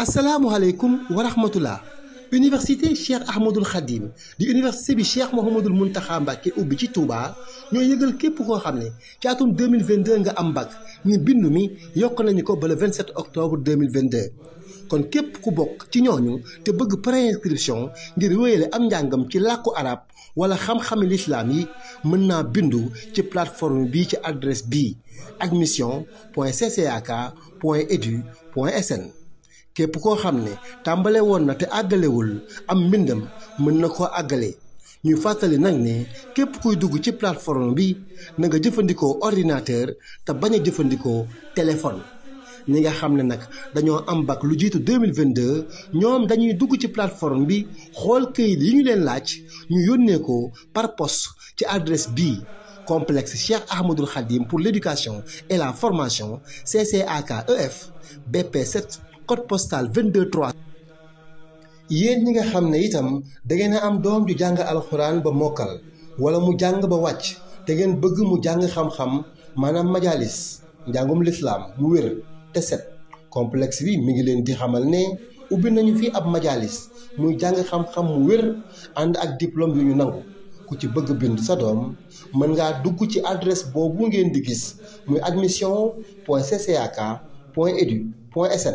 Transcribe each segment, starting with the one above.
asalaamualeykum wa rahmatullah université Cheikh Ahmadul Khadim di université bi Cheikh Mouhamadul Mountakha Mbacké ubbi ci Touba ñoo yëgal képp koo xam ne ci atum 2022 nga am mbag ñu bindu mi yokk nañu ko ba le 27 octobre 2022 kon képp ku bokk ci ñooñu te bëgg préinscription ngir wéyale am njàngam ci làkku arab wala xam-xami lislaam yi mën naa bindu ci plateforme bii ci adresse bii admission point ccac point edu point sn képp koo xam ne tàmbale woon na te àggalewul am mbindam mën na ko àggale ñuy fàttali nag ne képp kuy dugg ci plateforme bi na nga jëfandikoo ordinateur te bañ a jëfandikoo téléphone. ñi nga xam ne nag dañoo am bac lu jiitu 2022 ñoom dañuy dugg ci plateforme bi xool këyit yi ñu leen laaj ñu yónnee ko parpos ci adresse bi complexe Cheikh Ahmadoul Khadim pour l'éducation et la formation CCAKEF BP 7. code postal 22 3. yéen ñi nga xam ne itam da ngeen a am doom ju jàng alxuraan ba mokkal wala mu jàng ba wàcc te ngeen bëgg mu jàng xam-xam maanaam majalis njàngum lislaam mu wér te set complexe bi mu ngi leen di xamal ne ubbi nañu fi ab majalis muy jàng xam-xam mu wér ànd ak diplôme yu ñu nangu ku ci bëgg bind sa doom mën ngaa dugg ci adresse boobu ngeen di gis muy admission point ccac point edu point sn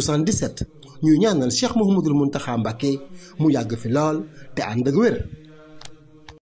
77 ñuy ñaanal Cheikh Mouhamadul Mountakha Mbacké mu yàgg fi lool te ànd ak wér.